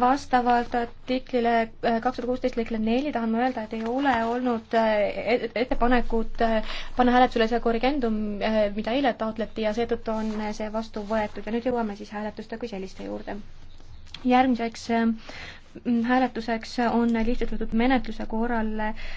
vastavalt artiklile äh, kakssada kuusteist lõikele neli tahan ma öelda, et ei ole olnud äh, e-, ettepanekut äh, panna hääletusele see korrigendum, mida eile taotleti ja seetõttu on see vastu võetud ja nüüd jõuame siis hääletuste kui selliste juurde. järgmiseks hääletuseks on lihtsustatud menetluse korral